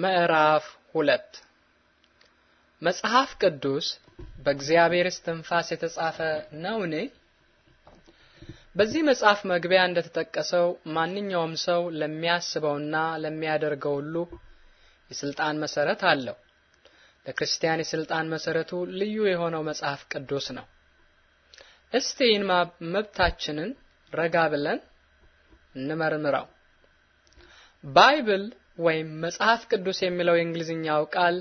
ምዕራፍ ሁለት መጽሐፍ ቅዱስ በእግዚአብሔር እስትንፋስ የተጻፈ ነውን? በዚህ መጽሐፍ መግቢያ እንደተጠቀሰው ማንኛውም ሰው ለሚያስበውና ለሚያደርገው ሁሉ የስልጣን መሰረት አለው። ለክርስቲያን የስልጣን መሰረቱ ልዩ የሆነው መጽሐፍ ቅዱስ ነው። እስቲ ይህን መብታችንን ረጋ ብለን እንመርምረው። ባይብል ወይም መጽሐፍ ቅዱስ የሚለው የእንግሊዝኛው ቃል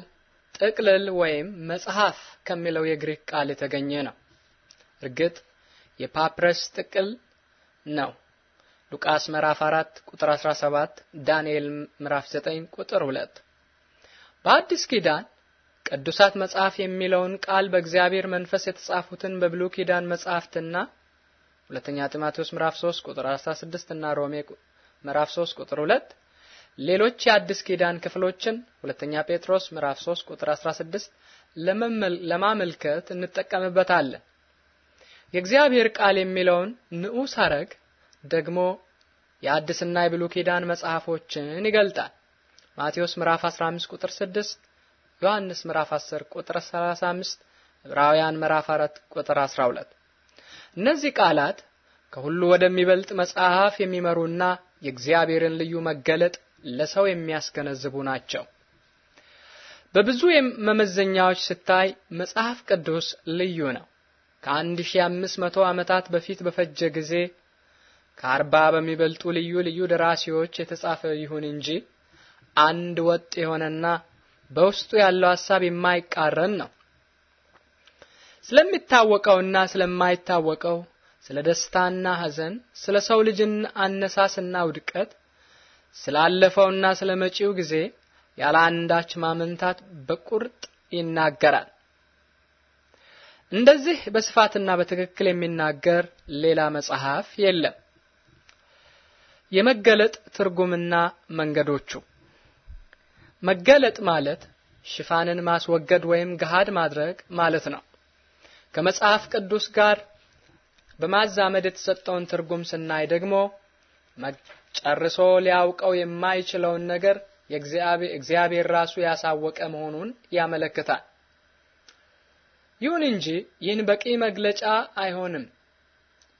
ጥቅልል ወይም መጽሐፍ ከሚለው የግሪክ ቃል የተገኘ ነው። እርግጥ የፓፕረስ ጥቅል ነው። ሉቃስ ምዕራፍ 4 ቁጥር 17፣ ዳንኤል ምዕራፍ 9 ቁጥር 2። በአዲስ ኪዳን ቅዱሳት መጽሐፍ የሚለውን ቃል በእግዚአብሔር መንፈስ የተጻፉትን በብሉይ ኪዳን መጽሐፍትና ሁለተኛ ጢሞቴዎስ ምዕራፍ 3 ቁጥር 16 እና ሮሜ ምዕራፍ 3 ቁጥር 2 ሌሎች የአዲስ ኪዳን ክፍሎችን ሁለተኛ ጴጥሮስ ምዕራፍ 3 ቁጥር 16 ለማመልከት እንጠቀምበታለን። የእግዚአብሔር ቃል የሚለውን ንዑስ ሐረግ ደግሞ የአዲስና የብሉ ኪዳን መጽሐፎችን ይገልጣል። ማቴዎስ ምዕራፍ 15 ቁጥር 6፣ ዮሐንስ ምዕራፍ 10 ቁጥር 35፣ ዕብራውያን ምዕራፍ 4 ቁጥር 12። እነዚህ ቃላት ከሁሉ ወደሚበልጥ መጽሐፍ የሚመሩና የእግዚአብሔርን ልዩ መገለጥ ለሰው የሚያስገነዝቡ ናቸው። በብዙ መመዘኛዎች ስታይ መጽሐፍ ቅዱስ ልዩ ነው። ከ1500 ዓመታት በፊት በፈጀ ጊዜ ከአርባ በሚበልጡ ልዩ ልዩ ደራሲዎች የተጻፈ ይሁን እንጂ አንድ ወጥ የሆነና በውስጡ ያለው ሐሳብ የማይቃረን ነው። ስለሚታወቀውና ስለማይታወቀው፣ ስለ ደስታና ሐዘን፣ ስለ ሰው ልጅን አነሳስና ውድቀት፣ ስላለፈውና ስለ መጪው ጊዜ ያለ አንዳች ማመንታት በቁርጥ ይናገራል። እንደዚህ በስፋትና በትክክል የሚናገር ሌላ መጽሐፍ የለም። የመገለጥ ትርጉምና መንገዶቹ መገለጥ ማለት ሽፋንን ማስወገድ ወይም ገሃድ ማድረግ ማለት ነው። ከመጽሐፍ ቅዱስ ጋር በማዛመድ የተሰጠውን ትርጉም ስናይ ደግሞ ጨርሶ ሊያውቀው የማይችለውን ነገር እግዚአብሔር ራሱ ያሳወቀ መሆኑን ያመለክታል። ይሁን እንጂ ይህን በቂ መግለጫ አይሆንም።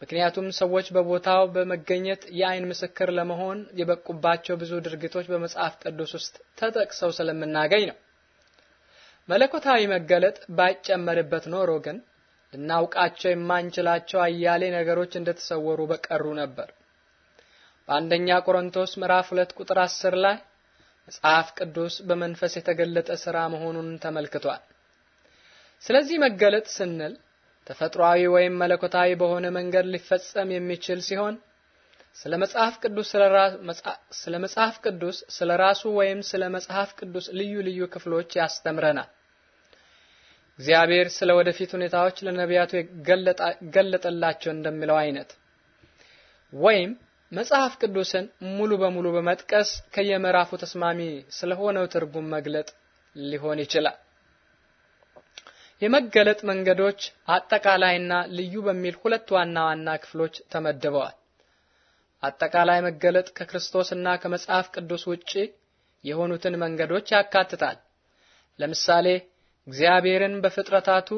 ምክንያቱም ሰዎች በቦታው በመገኘት የአይን ምስክር ለመሆን የበቁባቸው ብዙ ድርጊቶች በመጽሐፍ ቅዱስ ውስጥ ተጠቅሰው ስለምናገኝ ነው። መለኮታዊ መገለጥ ባይጨመርበት ኖሮ ግን ልናውቃቸው የማንችላቸው አያሌ ነገሮች እንደተሰወሩ በቀሩ ነበር። በአንደኛ ቆሮንቶስ ምዕራፍ 2 ቁጥር 10 ላይ መጽሐፍ ቅዱስ በመንፈስ የተገለጠ ሥራ መሆኑን ተመልክቷል። ስለዚህ መገለጥ ስንል ተፈጥሯዊ ወይም መለኮታዊ በሆነ መንገድ ሊፈጸም የሚችል ሲሆን ስለ መጽሐፍ ቅዱስ ስለ መጽሐፍ ቅዱስ ስለ ራሱ ወይም ስለ መጽሐፍ ቅዱስ ልዩ ልዩ ክፍሎች ያስተምረናል። እግዚአብሔር ስለ ወደፊት ሁኔታዎች ለነቢያቱ ገለጠላቸው እንደሚለው አይነት ወይም መጽሐፍ ቅዱስን ሙሉ በሙሉ በመጥቀስ ከየምዕራፉ ተስማሚ ስለሆነው ትርጉም መግለጥ ሊሆን ይችላል። የመገለጥ መንገዶች አጠቃላይና ልዩ በሚል ሁለት ዋና ዋና ክፍሎች ተመድበዋል። አጠቃላይ መገለጥ ከክርስቶስና ከመጽሐፍ ቅዱስ ውጪ የሆኑትን መንገዶች ያካትታል። ለምሳሌ እግዚአብሔርን በፍጥረታቱ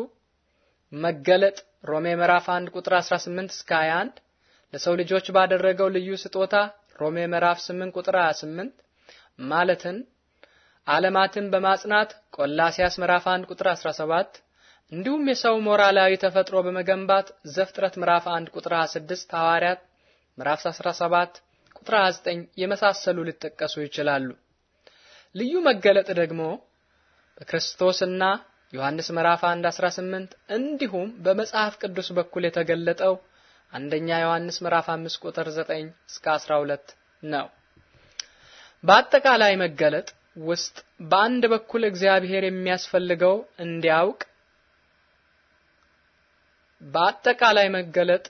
መገለጥ ሮሜ ምዕራፍ 1 ቁጥር 18 እስከ 21 ለሰው ልጆች ባደረገው ልዩ ስጦታ ሮሜ ምዕራፍ 8 ቁጥር 28 ማለትን ዓለማትን በማጽናት ቆላሲያስ ምዕራፍ 1 ቁጥር 17 እንዲሁም የሰው ሞራላዊ ተፈጥሮ በመገንባት ዘፍጥረት ምዕራፍ 1 ቁጥር 26 ሐዋርያት ምዕራፍ 17 ቁጥር 29 የመሳሰሉ ሊጠቀሱ ይችላሉ። ልዩ መገለጥ ደግሞ በክርስቶስና ዮሐንስ ምዕራፍ 1 18 እንዲሁም በመጽሐፍ ቅዱስ በኩል የተገለጠው አንደኛ ዮሐንስ ምዕራፍ 5 ቁጥር 9 እስከ 12 ነው። በአጠቃላይ መገለጥ ውስጥ በአንድ በኩል እግዚአብሔር የሚያስፈልገው እንዲያውቅ በአጠቃላይ መገለጥ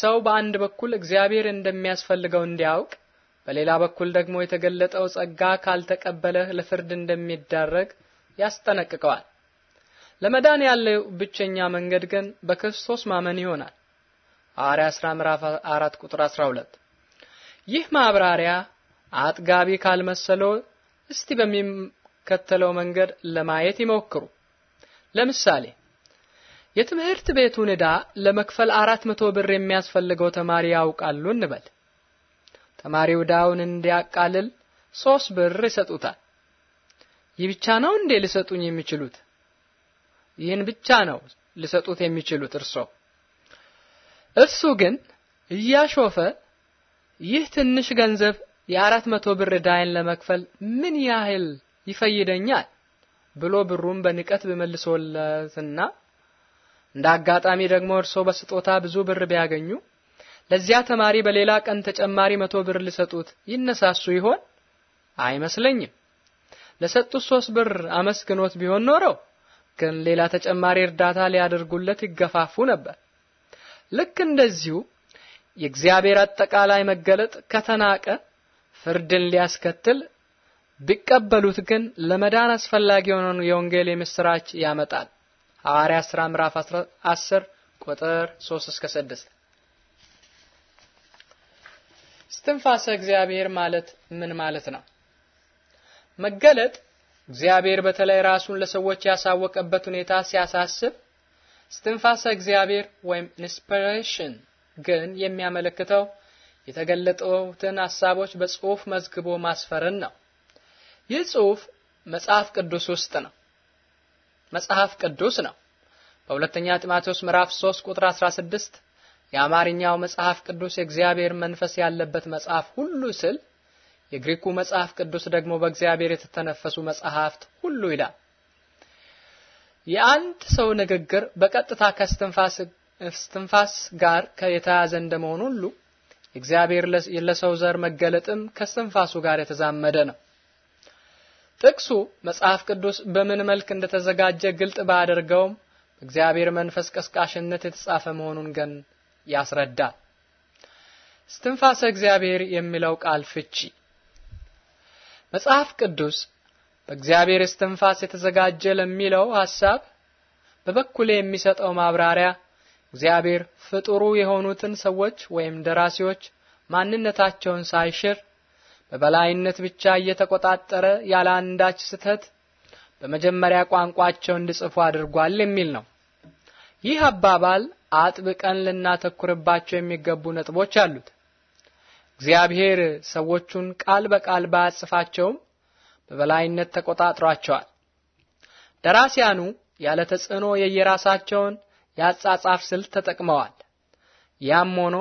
ሰው በአንድ በኩል እግዚአብሔር እንደሚያስፈልገው እንዲያውቅ በሌላ በኩል ደግሞ የተገለጠው ጸጋ ካልተቀበለ ለፍርድ እንደሚዳረግ ያስጠነቅቀዋል። ለመዳን ያለው ብቸኛ መንገድ ግን በክርስቶስ ማመን ይሆናል። ሐዋርያ ሥራ ምዕራፍ 4 ቁጥር 12። ይህ ማብራሪያ አጥጋቢ ካልመሰለው እስቲ በሚከተለው መንገድ ለማየት ይሞክሩ። ለምሳሌ የትምህርት ቤቱን ዕዳ ለመክፈል አራት መቶ ብር የሚያስፈልገው ተማሪ ያውቃሉ እንበል። ተማሪው ዕዳውን እንዲያቃልል ሶስት ብር ይሰጡታል። ይህ ብቻ ነው እንዴ ሊሰጡኝ የሚችሉት? ይህን ብቻ ነው ሊሰጡት የሚችሉት እርሶ እሱ ግን እያሾፈ ይህ ትንሽ ገንዘብ የአራት መቶ ብር ዳይን ለመክፈል ምን ያህል ይፈይደኛል ብሎ ብሩን በንቀት ቢመልሶለትና እንደ አጋጣሚ ደግሞ እርሶ በስጦታ ብዙ ብር ቢያገኙ ለዚያ ተማሪ በሌላ ቀን ተጨማሪ መቶ ብር ሊሰጡት ይነሳሱ ይሆን? አይመስለኝም። ለሰጡት ሶስት ብር አመስግኖት ቢሆን ኖረው ግን ሌላ ተጨማሪ እርዳታ ሊያደርጉለት ይገፋፉ ነበር። ልክ እንደዚሁ የእግዚአብሔር አጠቃላይ መገለጥ ከተናቀ ፍርድን ሊያስከትል ቢቀበሉት ግን ለመዳን አስፈላጊ የሆነውን የወንጌል የምስራች ያመጣል። ሐዋርያ 10 ምዕራፍ 10 ቁጥር 3 እስከ 6። እስትንፋሰ እግዚአብሔር ማለት ምን ማለት ነው? መገለጥ እግዚአብሔር በተለይ ራሱን ለሰዎች ያሳወቀበት ሁኔታ ሲያሳስብ እስትንፋሰ እግዚአብሔር ወይም ኢንስፒሬሽን ግን የሚያመለክተው የተገለጡትን ሐሳቦች በጽሑፍ መዝግቦ ማስፈርን ነው። ይህ ጽሑፍ መጽሐፍ ቅዱስ ውስጥ ነው። መጽሐፍ ቅዱስ ነው። በሁለተኛ ጢሞቴዎስ ምዕራፍ 3 ቁጥር 16 የአማርኛው መጽሐፍ ቅዱስ የእግዚአብሔር መንፈስ ያለበት መጽሐፍ ሁሉ ስል የግሪኩ መጽሐፍ ቅዱስ ደግሞ በእግዚአብሔር የተተነፈሱ መጽሐፍት ሁሉ ይላል። የአንድ ሰው ንግግር በቀጥታ ከስትንፋስ ጋር የተያዘ እንደመሆኑ ሁሉ እግዚአብሔር ለሰው ዘር መገለጥም ከስትንፋሱ ጋር የተዛመደ ነው። ጥቅሱ መጽሐፍ ቅዱስ በምን መልክ እንደተዘጋጀ ግልጥ ባደርገውም በእግዚአብሔር መንፈስ ቀስቃሽነት የተጻፈ መሆኑን ግን ያስረዳል። እስትንፋሰ እግዚአብሔር የሚለው ቃል ፍቺ መጽሐፍ ቅዱስ በእግዚአብሔር እስትንፋስ የተዘጋጀ ለሚለው ሐሳብ በበኩሌ የሚሰጠው ማብራሪያ እግዚአብሔር ፍጡሩ የሆኑትን ሰዎች ወይም ደራሲዎች ማንነታቸውን ሳይሽር በበላይነት ብቻ እየተቆጣጠረ ያለ አንዳች ስህተት በመጀመሪያ ቋንቋቸው እንዲጽፉ አድርጓል የሚል ነው። ይህ አባባል አጥብቀን ልናተኩርባቸው የሚገቡ ነጥቦች አሉት። እግዚአብሔር ሰዎቹን ቃል በቃል ባያጽፋቸውም በበላይነት ተቆጣጥሯቸዋል። ደራሲያኑ ያለ ተጽዕኖ የየራሳቸውን የአጻጻፍ ስልት ተጠቅመዋል። ያም ሆኖ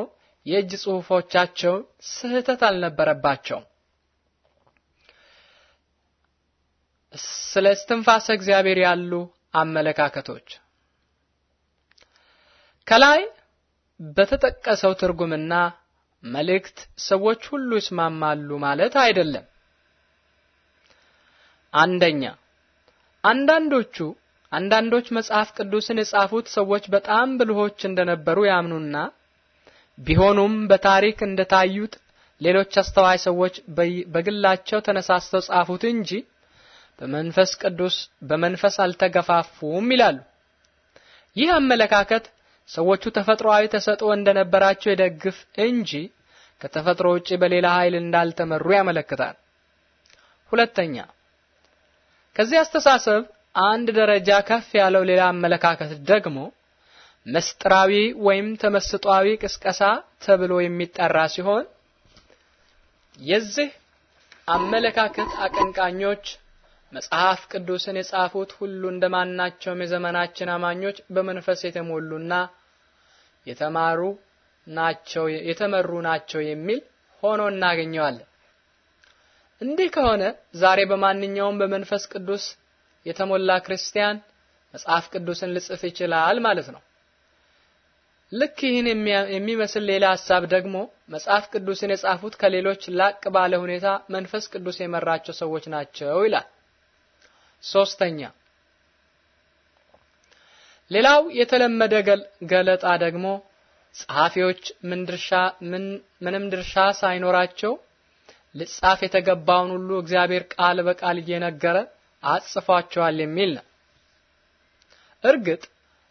የእጅ ጽሑፎቻቸው ስህተት አልነበረባቸውም። ስለ እስትንፋሰ እግዚአብሔር ያሉ አመለካከቶች ከላይ በተጠቀሰው ትርጉምና መልእክት ሰዎች ሁሉ ይስማማሉ ማለት አይደለም። አንደኛ አንዳንዶቹ አንዳንዶች መጽሐፍ ቅዱስን የጻፉት ሰዎች በጣም ብልሆች እንደነበሩ ያምኑና ቢሆኑም በታሪክ እንደታዩት ሌሎች አስተዋይ ሰዎች በግላቸው ተነሳስተው ጻፉት እንጂ በመንፈስ ቅዱስ በመንፈስ አልተገፋፉም ይላሉ። ይህ አመለካከት ሰዎቹ ተፈጥሯዊ ተሰጥኦ እንደነበራቸው ይደግፍ እንጂ ከተፈጥሮ ውጪ በሌላ ኃይል እንዳልተመሩ ያመለክታል። ሁለተኛ ከዚህ አስተሳሰብ አንድ ደረጃ ከፍ ያለው ሌላ አመለካከት ደግሞ መስጥራዊ ወይም ተመስጧዊ ቅስቀሳ ተብሎ የሚጠራ ሲሆን የዚህ አመለካከት አቀንቃኞች መጽሐፍ ቅዱስን የጻፉት ሁሉ እንደማናቸውም የዘመናችን አማኞች በመንፈስ የተሞሉና የተማሩ ናቸው የተመሩ ናቸው የሚል ሆኖ እናገኘዋለን። እንዲህ ከሆነ ዛሬ በማንኛውም በመንፈስ ቅዱስ የተሞላ ክርስቲያን መጽሐፍ ቅዱስን ልጽፍ ይችላል ማለት ነው። ልክ ይህን የሚመስል ሌላ ሀሳብ ደግሞ መጽሐፍ ቅዱስን የጻፉት ከሌሎች ላቅ ባለ ሁኔታ መንፈስ ቅዱስ የመራቸው ሰዎች ናቸው ይላል። ሶስተኛ ሌላው የተለመደ ገለጣ ደግሞ ጸሐፊዎች ምን ድርሻ ምንም ድርሻ ሳይኖራቸው ልጻፍ የተገባውን ሁሉ እግዚአብሔር ቃል በቃል እየነገረ አጽፏቸዋል የሚል ነው። እርግጥ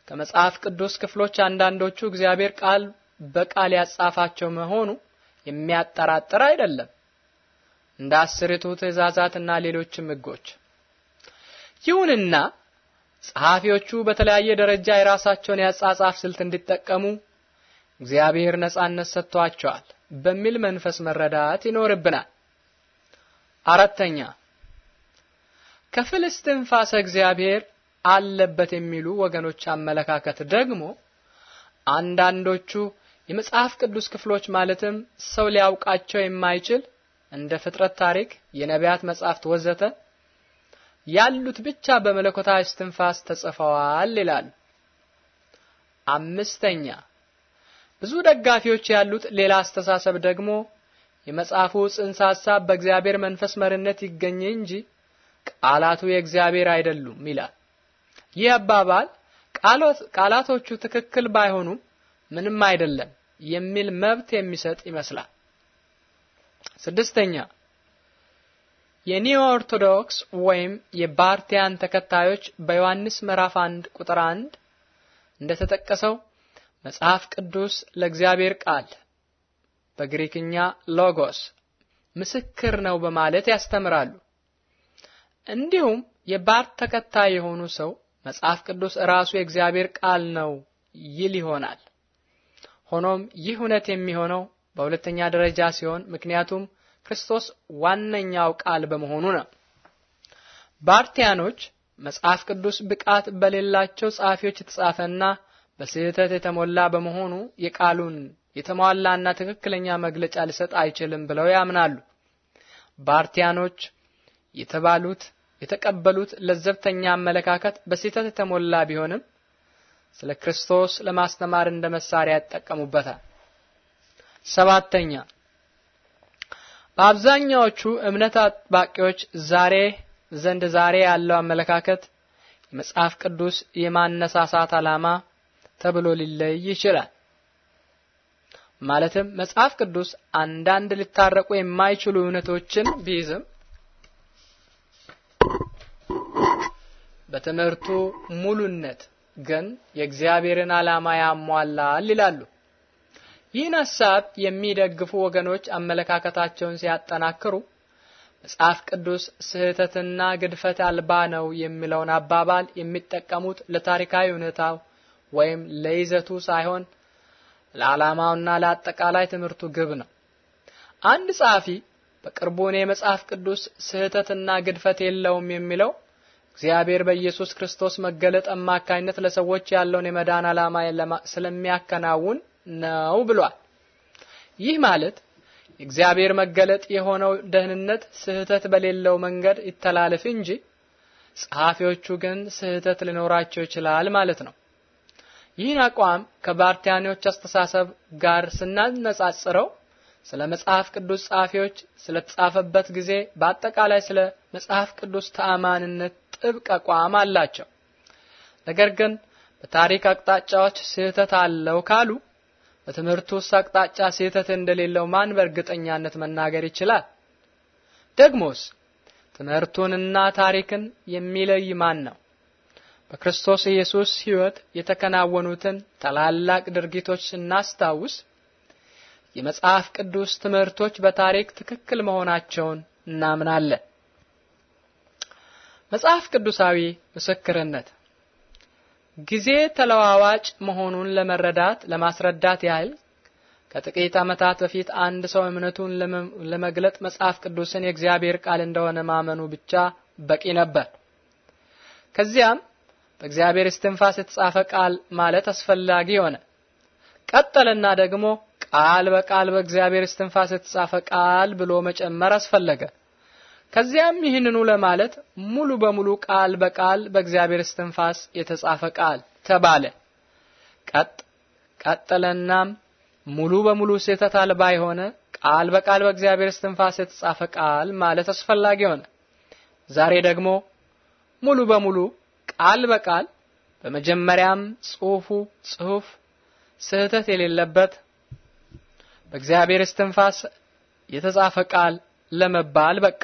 ከመጽሐፍ ቅዱስ ክፍሎች አንዳንዶቹ እግዚአብሔር ቃል በቃል ያጻፋቸው መሆኑ የሚያጠራጥር አይደለም፣ እንደ አስርቱ ትእዛዛትና ሌሎችም ሕጎች። ይሁንና ጸሐፊዎቹ በተለያየ ደረጃ የራሳቸውን ያጻጻፍ ስልት እንዲጠቀሙ እግዚአብሔር ነጻነት ሰጥቷቸዋል። በሚል መንፈስ መረዳት ይኖርብናል። አራተኛ ከፍልስ ትንፋሰ እግዚአብሔር አለበት የሚሉ ወገኖች አመለካከት ደግሞ አንዳንዶቹ የመጽሐፍ ቅዱስ ክፍሎች ማለትም ሰው ሊያውቃቸው የማይችል እንደ ፍጥረት ታሪክ፣ የነቢያት መጻሕፍት ወዘተ ያሉት ብቻ በመለኮታዊ እስትንፋስ ተጽፈዋል ይላሉ። አምስተኛ ብዙ ደጋፊዎች ያሉት ሌላ አስተሳሰብ ደግሞ የመጽሐፉ ጽንሰ ሐሳብ በእግዚአብሔር መንፈስ መሪነት ይገኝ እንጂ ቃላቱ የእግዚአብሔር አይደሉም ይላል። ይህ አባባል ቃላቶቹ ትክክል ባይሆኑም ምንም አይደለም የሚል መብት የሚሰጥ ይመስላል። ስድስተኛ የኒዮ ኦርቶዶክስ ወይም የባርቲያን ተከታዮች በዮሐንስ ምዕራፍ 1 ቁጥር 1 እንደተጠቀሰው መጽሐፍ ቅዱስ ለእግዚአብሔር ቃል በግሪክኛ ሎጎስ ምስክር ነው በማለት ያስተምራሉ። እንዲሁም የባርት ተከታይ የሆኑ ሰው መጽሐፍ ቅዱስ ራሱ የእግዚአብሔር ቃል ነው ይል ይሆናል። ሆኖም ይህ እውነት የሚሆነው በሁለተኛ ደረጃ ሲሆን ምክንያቱም ክርስቶስ ዋነኛው ቃል በመሆኑ ነው። ባርቲያኖች መጽሐፍ ቅዱስ ብቃት በሌላቸው ጸሐፊዎች የተጻፈና በስህተት የተሞላ በመሆኑ የቃሉን የተሟላና ትክክለኛ መግለጫ ሊሰጥ አይችልም ብለው ያምናሉ። ባርቲያኖች የተባሉት የተቀበሉት ለዘብተኛ አመለካከት በስህተት የተሞላ ቢሆንም ስለ ክርስቶስ ለማስተማር እንደ መሳሪያ ያጠቀሙበታል። ሰባተኛ በአብዛኛዎቹ እምነት አጥባቂዎች ዛሬ ዘንድ ዛሬ ያለው አመለካከት የመጽሐፍ ቅዱስ የማነሳሳት ዓላማ ተብሎ ሊለይ ይችላል። ማለትም መጽሐፍ ቅዱስ አንዳንድ ሊታረቁ የማይችሉ እውነቶችን ቢይዝም በትምህርቱ ሙሉነት ግን የእግዚአብሔርን ዓላማ ያሟላል ይላሉ። ይህን ሐሳብ የሚደግፉ ወገኖች አመለካከታቸውን ሲያጠናክሩ መጽሐፍ ቅዱስ ስህተትና ግድፈት አልባ ነው የሚለውን አባባል የሚጠቀሙት ለታሪካዊ እውነታው ወይም ለይዘቱ ሳይሆን ለዓላማውና ለአጠቃላይ ትምህርቱ ግብ ነው። አንድ ጸሐፊ በቅርቡ እኔ መጽሐፍ ቅዱስ ስህተትና ግድፈት የለውም የሚለው እግዚአብሔር በኢየሱስ ክርስቶስ መገለጥ አማካኝነት ለሰዎች ያለውን የመዳን ዓላማ ስለሚያከናውን ነው ብሏል። ይህ ማለት የእግዚአብሔር መገለጥ የሆነው ደህንነት ስህተት በሌለው መንገድ ይተላለፍ እንጂ ጸሐፊዎቹ ግን ስህተት ሊኖራቸው ይችላል ማለት ነው። ይህን አቋም ከባርቲያኖች አስተሳሰብ ጋር ስናነጻጽረው ስለ መጽሐፍ ቅዱስ ጸሐፊዎች ስለተጻፈበት ጊዜ፣ በአጠቃላይ ስለ መጽሐፍ ቅዱስ ተአማንነት ጥብቅ አቋም አላቸው። ነገር ግን በታሪክ አቅጣጫዎች ስህተት አለው ካሉ በትምህርቱ ውስጥ አቅጣጫ ስህተት እንደሌለው ማን በእርግጠኛነት መናገር ይችላል? ደግሞስ ትምህርቱንና ታሪክን የሚለይ ማን ነው? በክርስቶስ ኢየሱስ ሕይወት የተከናወኑትን ታላላቅ ድርጊቶች ስናስታውስ የመጽሐፍ ቅዱስ ትምህርቶች በታሪክ ትክክል መሆናቸውን እናምናለን። መጽሐፍ ቅዱሳዊ ምስክርነት ጊዜ ተለዋዋጭ መሆኑን ለመረዳት ለማስረዳት ያህል ከጥቂት ዓመታት በፊት አንድ ሰው እምነቱን ለመግለጥ መጽሐፍ ቅዱስን የእግዚአብሔር ቃል እንደሆነ ማመኑ ብቻ በቂ ነበር። ከዚያም በእግዚአብሔር እስትንፋስ የተጻፈ ቃል ማለት አስፈላጊ ሆነ። ቀጠለና ደግሞ ቃል በቃል በእግዚአብሔር እስትንፋስ የተጻፈ ቃል ብሎ መጨመር አስፈለገ። ከዚያም ይህንኑ ለማለት ሙሉ በሙሉ ቃል በቃል በእግዚአብሔር እስትንፋስ የተጻፈ ቃል ተባለ። ቀጥ ቀጠለናም ሙሉ በሙሉ ስህተት አልባ የሆነ ቃል በቃል በእግዚአብሔር እስትንፋስ የተጻፈ ቃል ማለት አስፈላጊ ሆነ። ዛሬ ደግሞ ሙሉ በሙሉ ቃል በቃል በመጀመሪያም ጽሑፉ ጽሑፍ ስህተት የሌለበት በእግዚአብሔር እስትንፋስ የተጻፈ ቃል ለመባል በቃ።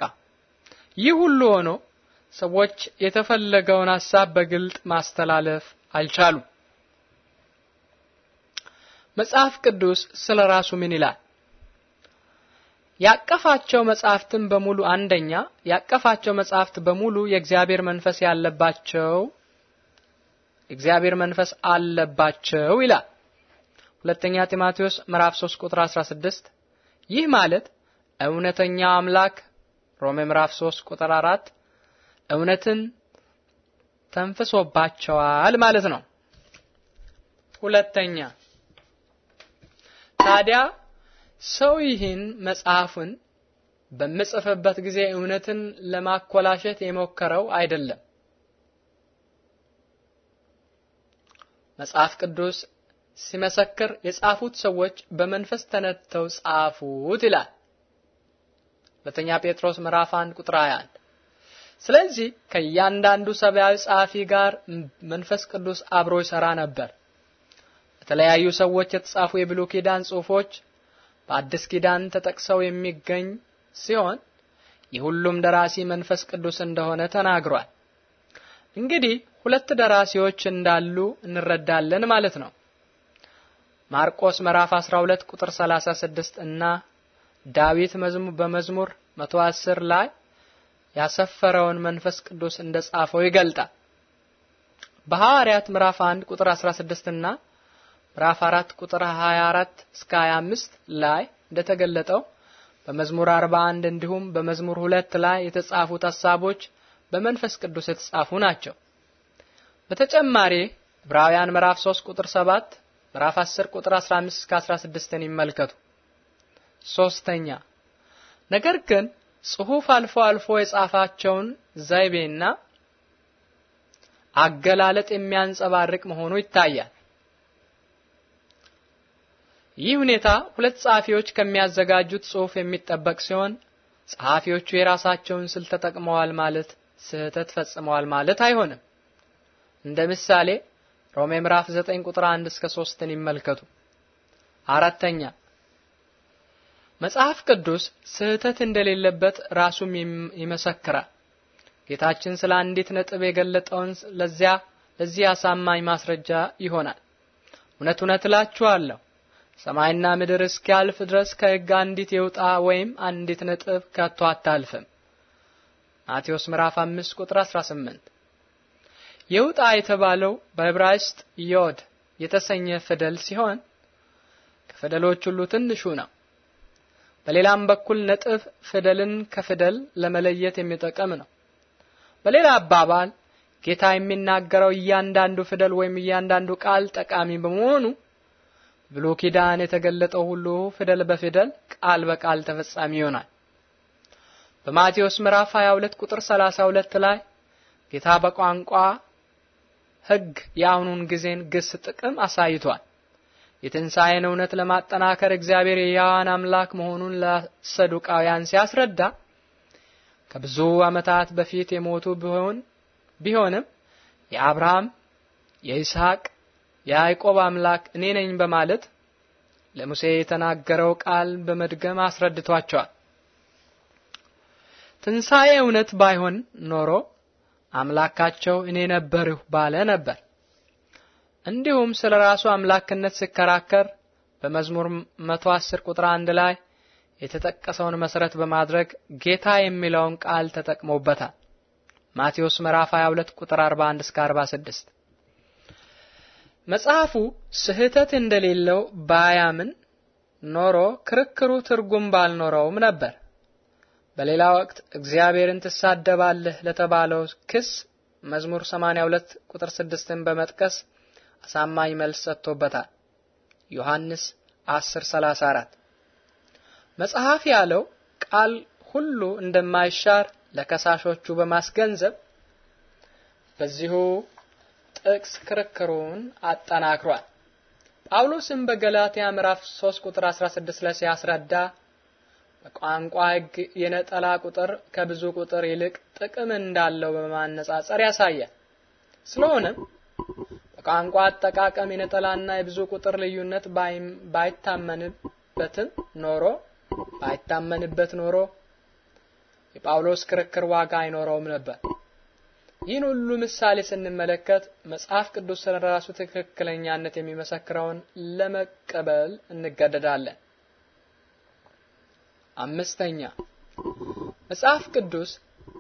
ይህ ሁሉ ሆኖ ሰዎች የተፈለገውን ሐሳብ በግልጥ ማስተላለፍ አልቻሉም። መጽሐፍ ቅዱስ ስለ ራሱ ምን ይላል? ያቀፋቸው መጽሐፍትም በሙሉ አንደኛ ያቀፋቸው መጽሐፍት በሙሉ የእግዚአብሔር መንፈስ ያለባቸው እግዚአብሔር መንፈስ አለባቸው ይላል። ሁለተኛ ጢሞቴዎስ ምዕራፍ 3 ቁጥር 16 ይህ ማለት እውነተኛ አምላክ ሮሜ ምዕራፍ 3 ቁጥር 4 እውነትን ተንፍሶባቸዋል ማለት ነው። ሁለተኛ ታዲያ ሰው ይህን መጽሐፍን በምጽፍበት ጊዜ እውነትን ለማኮላሸት የሞከረው አይደለም። መጽሐፍ ቅዱስ ሲመሰክር የጻፉት ሰዎች በመንፈስ ተነድተው ጻፉት ይላል። ሁለተኛ ጴጥሮስ ምዕራፍ 1 ቁጥር 21። ስለዚህ ከእያንዳንዱ ሰብአዊ ጸሐፊ ጋር መንፈስ ቅዱስ አብሮ ይሰራ ነበር። በተለያዩ ሰዎች የተጻፉ የብሉይ ኪዳን ጽሑፎች በአዲስ ኪዳን ተጠቅሰው የሚገኝ ሲሆን የሁሉም ደራሲ መንፈስ ቅዱስ እንደሆነ ተናግሯል። እንግዲህ ሁለት ደራሲዎች እንዳሉ እንረዳለን ማለት ነው። ማርቆስ ምዕራፍ 12 ቁጥር 36 እና ዳዊት መዝሙር በመዝሙር 110 ላይ ያሰፈረውን መንፈስ ቅዱስ እንደጻፈው ይገልጣል። በሐዋርያት ምዕራፍ 1 ቁጥር 16 እና ምዕራፍ 4 ቁጥር 24 እስከ 25 ላይ እንደተገለጠው በመዝሙር 41 እንዲሁም በመዝሙር 2 ላይ የተጻፉት ሐሳቦች በመንፈስ ቅዱስ የተጻፉ ናቸው። በተጨማሪ ዕብራውያን ምዕራፍ 3 ቁጥር 7፣ ምዕራፍ 10 ቁጥር 15 እስከ 16ን ይመልከቱ። ሶስተኛ ነገር ግን ጽሑፍ አልፎ አልፎ የጻፋቸውን ዘይቤና አገላለጥ የሚያንጸባርቅ መሆኑ ይታያል። ይህ ሁኔታ ሁለት ጸሐፊዎች ከሚያዘጋጁት ጽሑፍ የሚጠበቅ ሲሆን ጸሐፊዎቹ የራሳቸውን ስልት ተጠቅመዋል ማለት ስህተት ፈጽመዋል ማለት አይሆንም። እንደ ምሳሌ ሮሜ ምዕራፍ 9 ቁጥር 1 እስከ 3ን ይመልከቱ። አራተኛ መጽሐፍ ቅዱስ ስህተት እንደሌለበት ራሱም ይመሰክራል። ጌታችን ስለ አንዲት ነጥብ የገለጠውን ለዚያ ለዚህ አሳማኝ ማስረጃ ይሆናል። እውነት እውነት እላችኋለሁ ሰማይና ምድር እስኪያልፍ ድረስ ከሕግ አንዲት የውጣ ወይም አንዲት ነጥብ ከቶ አታልፍም። ማቴዎስ ምዕራፍ 5 ቁጥር 18። የውጣ የተባለው በዕብራይስጥ ዮድ የተሰኘ ፊደል ሲሆን ከፊደሎች ሁሉ ትንሹ ነው። በሌላም በኩል ነጥብ ፊደልን ከፊደል ለመለየት የሚጠቅም ነው። በሌላ አባባል ጌታ የሚናገረው እያንዳንዱ ፊደል ወይም እያንዳንዱ ቃል ጠቃሚ በመሆኑ ብሉይ ኪዳን የተገለጠው ሁሉ ፊደል በፊደል ቃል በቃል ተፈጻሚ ይሆናል። በማቴዎስ ምዕራፍ 22 ቁጥር 32 ላይ ጌታ በቋንቋ ሕግ የአሁኑን ጊዜን ግስ ጥቅም አሳይቷል። የትንሣኤን እውነት ለማጠናከር እግዚአብሔር የሕያዋን አምላክ መሆኑን ለሰዱቃውያን ሲያስረዳ ከብዙ ዓመታት በፊት የሞቱ ቢሆን ቢሆንም የአብርሃም የይስሐቅ የያዕቆብ አምላክ እኔ ነኝ በማለት ለሙሴ የተናገረው ቃል በመድገም አስረድቷቸዋል። ትንሣኤ እውነት ባይሆን ኖሮ አምላካቸው እኔ ነበርሁ ባለ ነበር። እንዲሁም ስለ ራሱ አምላክነት ሲከራከር በመዝሙር 110 ቁጥር 1 ላይ የተጠቀሰውን መሰረት በማድረግ ጌታ የሚለውን ቃል ተጠቅሞበታል። ማቴዎስ ምዕራፍ 22 ቁጥር 41 እስከ 46 መጽሐፉ ስህተት እንደሌለው ባያምን ኖሮ ክርክሩ ትርጉም ባልኖረውም ነበር። በሌላ ወቅት እግዚአብሔርን ትሳደባለህ ለተባለው ክስ መዝሙር 82 ቁጥር 6ን በመጥቀስ አሳማኝ መልስ ሰጥቶበታል። ዮሐንስ 10:34 መጽሐፍ ያለው ቃል ሁሉ እንደማይሻር ለከሳሾቹ በማስገንዘብ በዚሁ ጥቅስ ክርክሩን አጠናክሯል። ጳውሎስም በገላትያ ምዕራፍ 3 ቁጥር 16 ላይ ሲያስረዳ በቋንቋ ሕግ የነጠላ ቁጥር ከብዙ ቁጥር ይልቅ ጥቅም እንዳለው በማነጻጸር ያሳያል። ስለሆነም በቋንቋ አጠቃቀም የነጠላና የብዙ ቁጥር ልዩነት ባይታመንበትም ኖሮ ባይታመንበት ኖሮ የጳውሎስ ክርክር ዋጋ አይኖረውም ነበር። ይህን ሁሉ ምሳሌ ስንመለከት መጽሐፍ ቅዱስ ስለ ራሱ ትክክለኛነት የሚመሰክረውን ለመቀበል እንገደዳለን። አምስተኛ መጽሐፍ ቅዱስ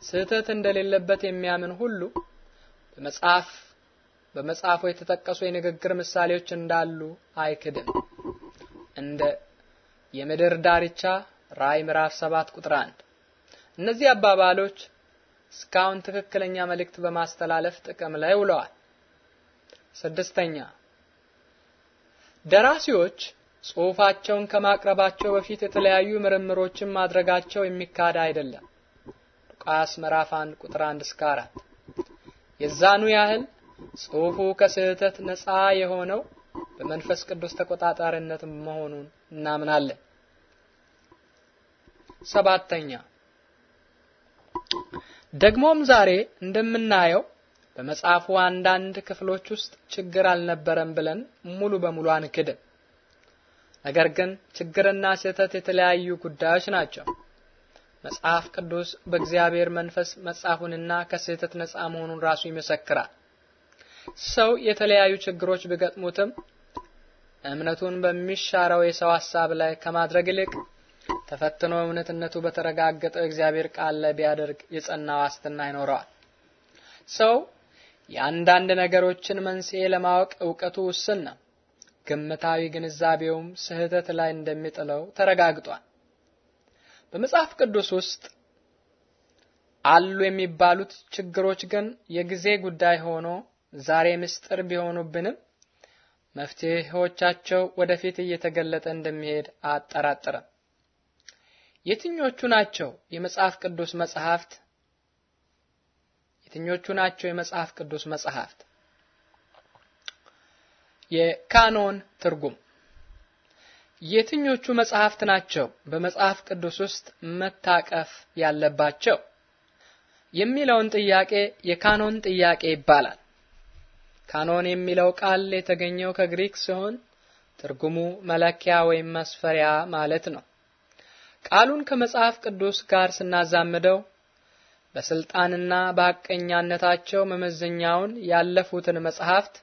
ስህተት እንደሌለበት የሚያምን ሁሉ በመጽሐፍ በመጽሐፉ የተጠቀሱ የንግግር ምሳሌዎች እንዳሉ አይክድም። እንደ የምድር ዳርቻ ራእይ ምዕራፍ 7 ቁጥር 1 እነዚህ አባባሎች እስካሁን ትክክለኛ መልእክት በማስተላለፍ ጥቅም ላይ ውለዋል። ስድስተኛ ደራሲዎች ጽሑፋቸውን ከማቅረባቸው በፊት የተለያዩ ምርምሮችን ማድረጋቸው የሚካድ አይደለም። ሉቃስ ምዕራፍ 1 ቁጥር 1 እስከ 4 የዛኑ ያህል ጽሑፉ ከስህተት ነፃ የሆነው በመንፈስ ቅዱስ ተቆጣጣሪነት መሆኑን እናምናለን። ሰባተኛ ደግሞም ዛሬ እንደምናየው በመጽሐፉ አንዳንድ ክፍሎች ውስጥ ችግር አልነበረም ብለን ሙሉ በሙሉ አንክድም። ነገር ግን ችግርና ስህተት የተለያዩ ጉዳዮች ናቸው። መጽሐፍ ቅዱስ በእግዚአብሔር መንፈስ መጽሐፉንና ከስህተት ነጻ መሆኑን ራሱ ይመሰክራል። ሰው የተለያዩ ችግሮች ቢገጥሙትም እምነቱን በሚሻረው የሰው ሀሳብ ላይ ከማድረግ ይልቅ ተፈትኖ እውነትነቱ በተረጋገጠው እግዚአብሔር ቃል ላይ ቢያደርግ የጸና ዋስትና ይኖረዋል። ሰው የአንዳንድ ነገሮችን መንስኤ ለማወቅ እውቀቱ ውስን ነው። ግምታዊ ግንዛቤውም ስህተት ላይ እንደሚጥለው ተረጋግጧል። በመጽሐፍ ቅዱስ ውስጥ አሉ የሚባሉት ችግሮች ግን የጊዜ ጉዳይ ሆኖ ዛሬ ምስጢር ቢሆኑብንም መፍትሄዎቻቸው ወደፊት እየተገለጠ እንደሚሄድ አጠራጥረም። የትኞቹ ናቸው የመጽሐፍ ቅዱስ መጽሐፍት? የትኞቹ ናቸው የመጽሐፍ ቅዱስ መጽሐፍት? የካኖን ትርጉም የትኞቹ መጽሐፍት ናቸው በመጽሐፍ ቅዱስ ውስጥ መታቀፍ ያለባቸው የሚለውን ጥያቄ የካኖን ጥያቄ ይባላል። ካኖን የሚለው ቃል የተገኘው ከግሪክ ሲሆን ትርጉሙ መለኪያ ወይም መስፈሪያ ማለት ነው። ቃሉን ከመጽሐፍ ቅዱስ ጋር ስናዛምደው በስልጣንና በሐቀኛነታቸው መመዘኛውን ያለፉትን መጽሐፍት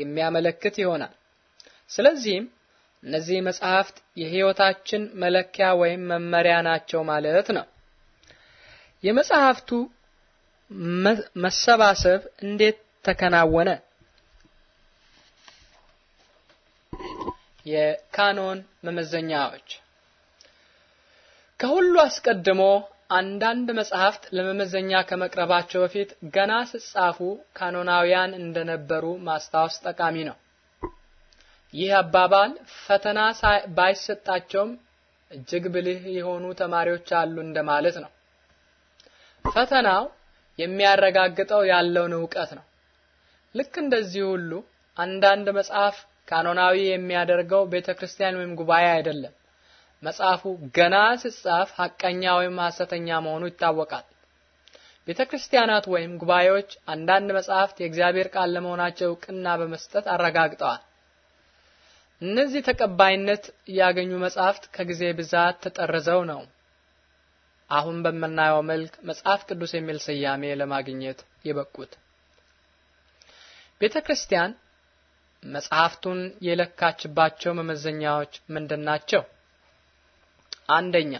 የሚያመለክት ይሆናል። ስለዚህም እነዚህ መጽሐፍት የሕይወታችን መለኪያ ወይም መመሪያ ናቸው ማለት ነው። የመጽሐፍቱ መሰባሰብ እንዴት ተከናወነ? የካኖን መመዘኛዎች ከሁሉ አስቀድሞ አንዳንድ መጽሐፍት ለመመዘኛ ከመቅረባቸው በፊት ገና ሲጻፉ ካኖናውያን እንደነበሩ ማስታወስ ጠቃሚ ነው። ይህ አባባል ፈተና ባይሰጣቸውም እጅግ ብልህ የሆኑ ተማሪዎች አሉ እንደማለት ነው። ፈተናው የሚያረጋግጠው ያለውን እውቀት ነው። ልክ እንደዚህ ሁሉ አንዳንድ መጽሐፍ ካኖናዊ የሚያደርገው ቤተክርስቲያን ወይም ጉባኤ አይደለም መጽሐፉ ገና ሲጻፍ ሐቀኛ ወይም ሐሰተኛ መሆኑ ይታወቃል። ቤተ ክርስቲያናት ወይም ጉባኤዎች አንዳንድ መጽሐፍት የእግዚአብሔር ቃል ለመሆናቸው እውቅና በመስጠት አረጋግጠዋል። እነዚህ ተቀባይነት ያገኙ መጽሐፍት ከጊዜ ብዛት ተጠርዘው ነው አሁን በምናየው መልክ መጽሐፍ ቅዱስ የሚል ስያሜ ለማግኘት የበቁት። ቤተ ክርስቲያን መጽሐፍቱን የለካችባቸው መመዘኛዎች ምንድን ናቸው? አንደኛ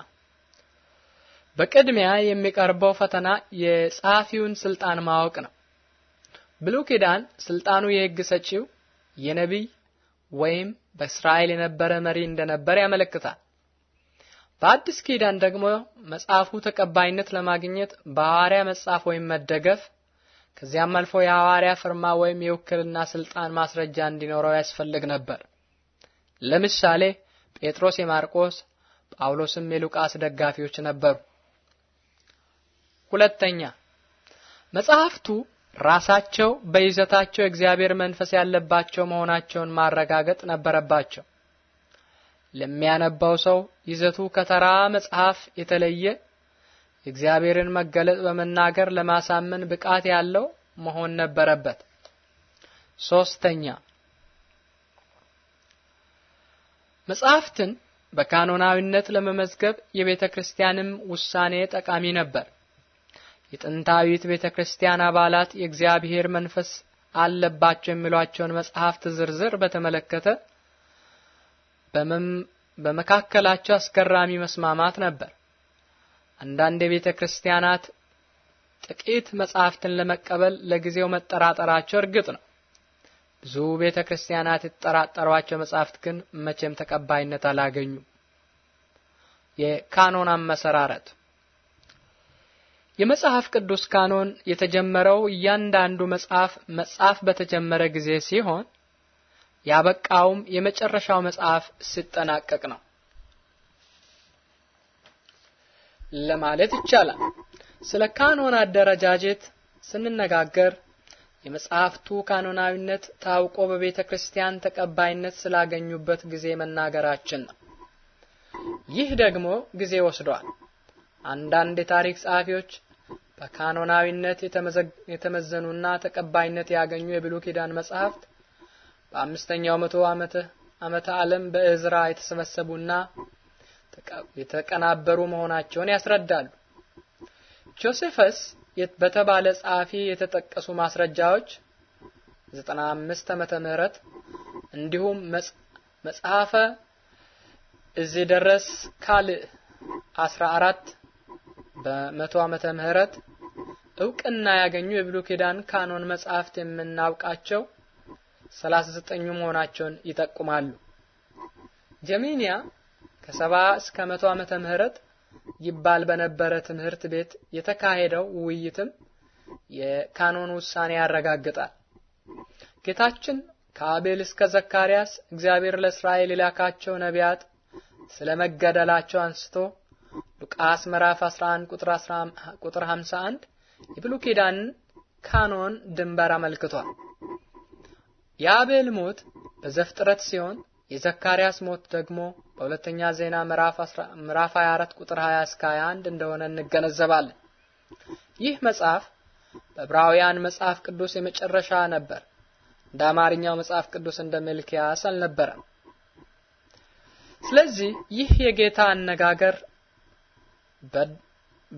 በቅድሚያ የሚቀርበው ፈተና የጸሐፊውን ስልጣን ማወቅ ነው። ብሉይ ኪዳን ስልጣኑ የሕግ ሰጪው የነቢይ ወይም በእስራኤል የነበረ መሪ እንደነበር ያመለክታል። በአዲስ ኪዳን ደግሞ መጽሐፉ ተቀባይነት ለማግኘት በሐዋርያ መጽሐፍ ወይም መደገፍ ከዚያም አልፎ የሐዋርያ ፍርማ ወይም የውክልና ስልጣን ማስረጃ እንዲኖረው ያስፈልግ ነበር። ለምሳሌ ጴጥሮስ የማርቆስ ጳውሎስም የሉቃስ ደጋፊዎች ነበሩ። ሁለተኛ መጽሐፍቱ ራሳቸው በይዘታቸው እግዚአብሔር መንፈስ ያለባቸው መሆናቸውን ማረጋገጥ ነበረባቸው። ለሚያነባው ሰው ይዘቱ ከተራ መጽሐፍ የተለየ እግዚአብሔርን መገለጥ በመናገር ለማሳመን ብቃት ያለው መሆን ነበረበት። ሶስተኛ መጽሐፍትን በካኖናዊነት ለመመዝገብ የቤተ ክርስቲያንም ውሳኔ ጠቃሚ ነበር። የጥንታዊት ቤተ ክርስቲያን አባላት የእግዚአብሔር መንፈስ አለባቸው የሚሏቸውን መጽሐፍት ዝርዝር በተመለከተ በመካከላቸው አስገራሚ መስማማት ነበር። አንዳንድ የቤተ ክርስቲያናት ጥቂት መጽሐፍትን ለመቀበል ለጊዜው መጠራጠራቸው እርግጥ ነው። ብዙ ቤተ ክርስቲያናት የተጠራጠሯቸው መጻሕፍት ግን መቼም ተቀባይነት አላገኙ። የካኖን አመሰራረት የመጽሐፍ ቅዱስ ካኖን የተጀመረው እያንዳንዱ መጽሐፍ መጽሐፍ በተጀመረ ጊዜ ሲሆን ያበቃውም የመጨረሻው መጽሐፍ ሲጠናቀቅ ነው ለማለት ይቻላል። ስለ ካኖን አደረጃጀት ስንነጋገር የመጽሐፍቱ ካኖናዊነት ታውቆ በቤተ ክርስቲያን ተቀባይነት ስላገኙበት ጊዜ መናገራችን ነው። ይህ ደግሞ ጊዜ ወስዷል። አንዳንድ የታሪክ ጸሐፊዎች በካኖናዊነት የተመዘኑና ተቀባይነት ያገኙ የብሉይ ኪዳን መጽሐፍት በአምስተኛው መቶ ዓመተ ዓመተ ዓለም በእዝራ የተሰበሰቡና የተቀናበሩ መሆናቸውን ያስረዳሉ። ጆሴፈስ በተባለ ጸሐፊ የተጠቀሱ ማስረጃዎች 95 ዓመተ ምህረት እንዲሁም መጽሐፈ እዚህ ደረስ ካል 14 በመቶ ዓመተ ምህረት እውቅና ያገኙ የብሉይ ኪዳን ካኖን መጽሐፍት የምናውቃቸው 39ኙ መሆናቸውን ይጠቁማሉ። ጀሚኒያ ከ70 እስከ 100 ዓመተ ምህረት ይባል በነበረ ትምህርት ቤት የተካሄደው ውይይትም የካኖን ውሳኔ ያረጋግጣል። ጌታችን ከአቤል እስከ ዘካርያስ እግዚአብሔር ለእስራኤል የላካቸው ነቢያት ስለመገደላቸው አንስቶ ሉቃስ ምዕራፍ 11 ቁጥር 51 የብሉይ ካኖን ድንበር አመልክቷል። የአቤል ሞት በዘፍጥረት ሲሆን የዘካርያስ ሞት ደግሞ በሁለተኛ ዜና ምዕራፍ 24 ቁጥር 20 እስከ 21 እንደሆነ እንገነዘባለን። ይህ መጽሐፍ በዕብራውያን መጽሐፍ ቅዱስ የመጨረሻ ነበር። እንደ አማርኛው መጽሐፍ ቅዱስ እንደ ሚልክያስ አልነበረም። ስለዚህ ይህ የጌታ አነጋገር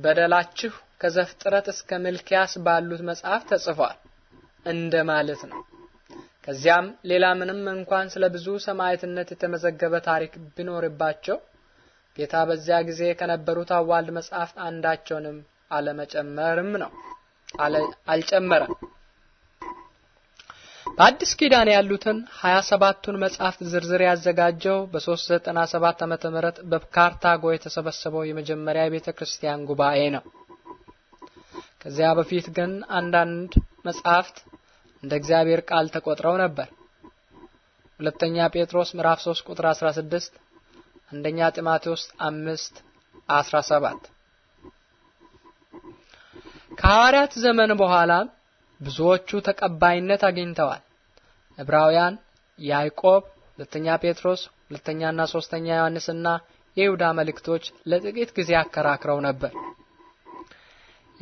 በደላችሁ ከዘፍጥረት እስከ ሚልክያስ ባሉት መጽሐፍ ተጽፏል እንደ ማለት ነው። ከዚያም ሌላ ምንም እንኳን ስለ ብዙ ሰማዕትነት የተመዘገበ ታሪክ ቢኖርባቸው ጌታ በዚያ ጊዜ ከነበሩት አዋልድ መጻሕፍት አንዳቸውንም አለመጨመርም ነው አልጨመረም። በአዲስ ኪዳን ያሉትን 27ቱን መጻሕፍት ዝርዝር ያዘጋጀው በ397 ዓመተ ምህረት በካርታጎ የተሰበሰበው የመጀመሪያ የቤተ ክርስቲያን ጉባኤ ነው። ከዚያ በፊት ግን አንዳንድ መጻሕፍት እንደ እግዚአብሔር ቃል ተቆጥረው ነበር። ሁለተኛ ጴጥሮስ ምዕራፍ 3 ቁጥር 16፣ አንደኛ ጢማቴዎስ 5 17። ከሐዋርያት ዘመን በኋላ ብዙዎቹ ተቀባይነት አግኝተዋል። ዕብራውያን፣ ያዕቆብ፣ ሁለተኛ ጴጥሮስ፣ ሁለተኛና ሶስተኛ ዮሐንስና የይሁዳ መልእክቶች ለጥቂት ጊዜ አከራክረው ነበር።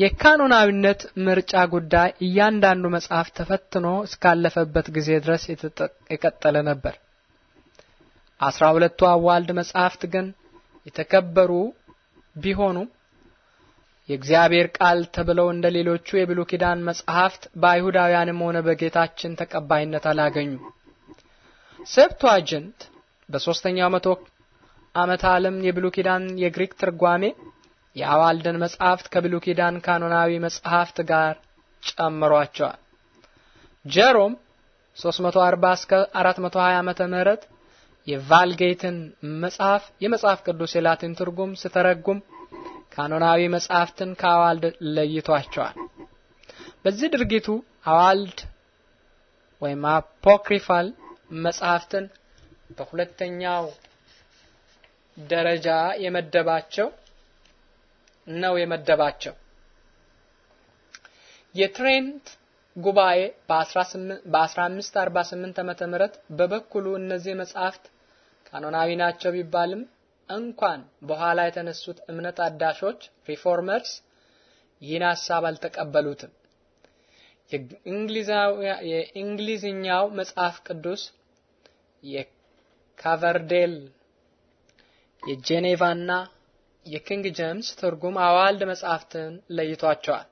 የካኖናዊነት ምርጫ ጉዳይ እያንዳንዱ መጽሐፍ ተፈትኖ እስካለፈበት ጊዜ ድረስ የቀጠለ ነበር። አስራ ሁለቱ አዋልድ መጽሐፍት ግን የተከበሩ ቢሆኑም የእግዚአብሔር ቃል ተብለው እንደ ሌሎቹ የብሉይ ኪዳን መጽሐፍት በአይሁዳውያንም ሆነ በጌታችን ተቀባይነት አላገኙ። ሰብቷጅንት በሶስተኛው መቶ ዓመት ዓለም የብሉይ ኪዳን የግሪክ ትርጓሜ የአዋልደን መጽሐፍት ከብሉይ ኪዳን ካኖናዊ መጽሐፍት ጋር ጨምሯቸዋል። ጀሮም 340 እስከ 420 ዓመተ ምህረት የቫልጌትን መጽሐፍ የመጽሐፍ ቅዱስ የላቲን ትርጉም ስተረጉም ካኖናዊ መጽሐፍትን ከአዋልድ ለይቷቸዋል። በዚህ ድርጊቱ አዋልድ ወይም አፖክሪፋል መጽሐፍትን በሁለተኛው ደረጃ የመደባቸው ነው የመደባቸው። የትሬንት ጉባኤ በ1548 ዓመተ ምህረት በበኩሉ እነዚህ መጻሕፍት ካኖናዊ ናቸው ቢባልም እንኳን በኋላ የተነሱት እምነት አዳሾች ሪፎርመርስ ይህን ሀሳብ አልተቀበሉትም። የእንግሊዝኛው መጽሐፍ ቅዱስ የካቨርዴል የጄኔቫና የኪንግ ጀምስ ትርጉም አዋልድ መጽሐፍትን ለይቷቸዋል።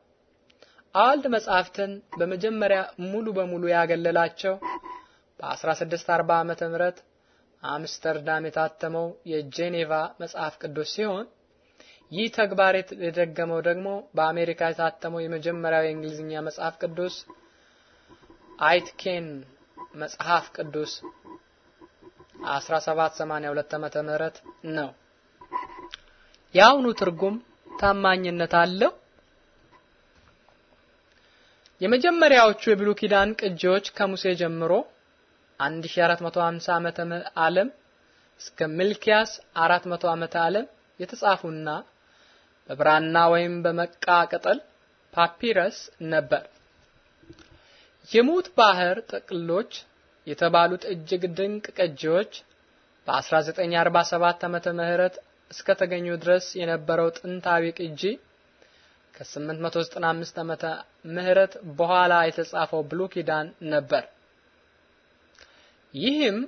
አዋልድ መጽሐፍትን በመጀመሪያ ሙሉ በሙሉ ያገለላቸው በ1640 ዓመተ ምህረት አምስተርዳም የታተመው የጄኔቫ መጽሐፍ ቅዱስ ሲሆን ይህ ተግባር የደገመው ደግሞ በአሜሪካ የታተመው የመጀመሪያው የእንግሊዝኛ መጽሐፍ ቅዱስ አይትኬን መጽሐፍ ቅዱስ 1782 ዓመተ ምህረት ነው። የአሁኑ ትርጉም ታማኝነት አለው? የመጀመሪያዎቹ የብሉ ኪዳን ቅጂዎች ከሙሴ ጀምሮ 1450 ዓመተ ዓለም እስከ ሚልኪያስ 400 ዓመተ ዓለም የተጻፉና በብራና ወይም በመቃ ቅጠል ፓፒረስ ነበር። የሙት ባህር ጥቅሎች የተባሉት እጅግ ድንቅ ቅጂዎች በ1947 ዓመተ ምህረት እስከተገኙ ድረስ የነበረው ጥንታዊ ቅጂ ከ895 ዓመተ ምህረት በኋላ የተጻፈው ብሉይ ኪዳን ነበር። ይህም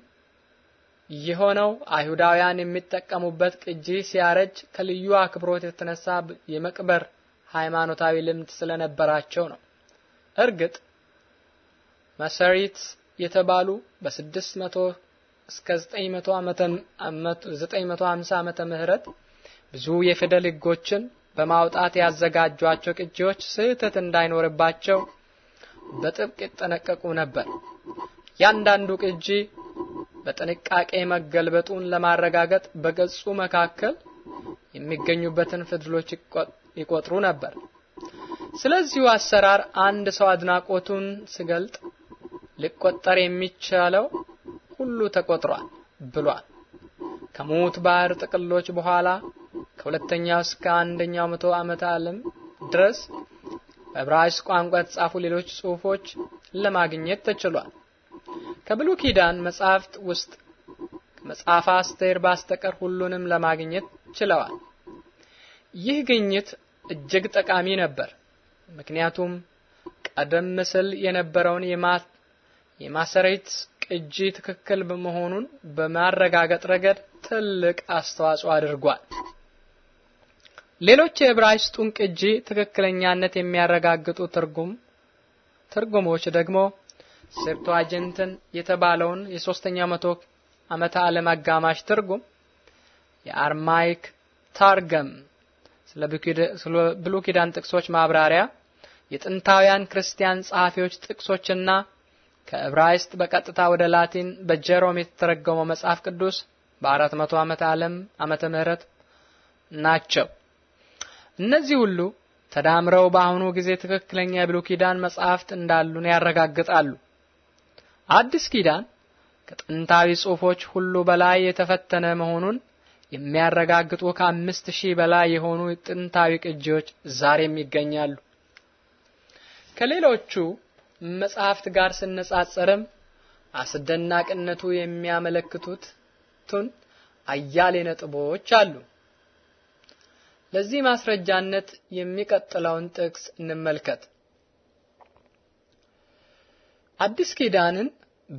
የሆነው አይሁዳውያን የሚጠቀሙበት ቅጂ ሲያረጅ ከልዩ አክብሮት የተነሳ የመቅበር ሃይማኖታዊ ልምድ ስለነበራቸው ነው። እርግጥ መሰሪት የተባሉ በ600 እስከ 900 ዓመተ 950 ዓመተ ምህረት ብዙ የፊደል ህጎችን በማውጣት ያዘጋጇቸው ቅጂዎች ስህተት እንዳይኖርባቸው በጥብቅ ይጠነቀቁ ነበር። ያንዳንዱ ቅጂ በጥንቃቄ መገልበጡን ለማረጋገጥ በገጹ መካከል የሚገኙበትን ፊደሎች ይቆጥሩ ነበር። ስለዚሁ አሰራር አንድ ሰው አድናቆቱን ሲገልጥ ሊቆጠር የሚቻለው ሁሉ ተቆጥሯል ብሏል። ከሙት ባህር ጥቅሎች በኋላ ከሁለተኛው እስከ አንደኛው መቶ ዓመተ ዓለም ድረስ በዕብራይስጥ ቋንቋ የተጻፉ ሌሎች ጽሑፎች ለማግኘት ተችሏል። ከብሉይ ኪዳን መጻሕፍት ውስጥ ከመጽሐፈ አስቴር በስተቀር ሁሉንም ለማግኘት ችለዋል። ይህ ግኝት እጅግ ጠቃሚ ነበር፣ ምክንያቱም ቀደም ሲል የነበረውን የማሰሬት ቅጂ ትክክል በመሆኑን በማረጋገጥ ረገድ ትልቅ አስተዋጽኦ አድርጓል። ሌሎች የዕብራይስጡን ቅጂ ትክክለኛነት የሚያረጋግጡ ትርጉም ትርጉሞች ደግሞ ሴፕቶአጀንትን የተባለውን የሶስተኛ መቶ ዓመተ ዓለም አጋማሽ ትርጉም የአርማይክ ታርገም ስለ ብሉይ ኪዳን ጥቅሶች ማብራሪያ የጥንታውያን ክርስቲያን ጸሐፊዎች ጥቅሶችና ከዕብራይስጥ በቀጥታ ወደ ላቲን በጀሮም የተተረጎመው መጽሐፍ ቅዱስ በ400 ዓመት ዓለም ዓመተ ምህረት ናቸው። እነዚህ ሁሉ ተዳምረው በአሁኑ ጊዜ ትክክለኛ የብሉይ ኪዳን መጽሐፍት እንዳሉን ያረጋግጣሉ። አዲስ ኪዳን ከጥንታዊ ጽሑፎች ሁሉ በላይ የተፈተነ መሆኑን የሚያረጋግጡ ከአምስት ሺህ በላይ የሆኑ ጥንታዊ ቅጂዎች ዛሬም ይገኛሉ። ከሌሎቹ መጽሐፍት ጋር ስነጻጸርም አስደናቅነቱ ቱን አያሌ ነጥቦች አሉ። ለዚህ ማስረጃነት የሚቀጥለውን ጥቅስ እንመልከት። አዲስ ኪዳንን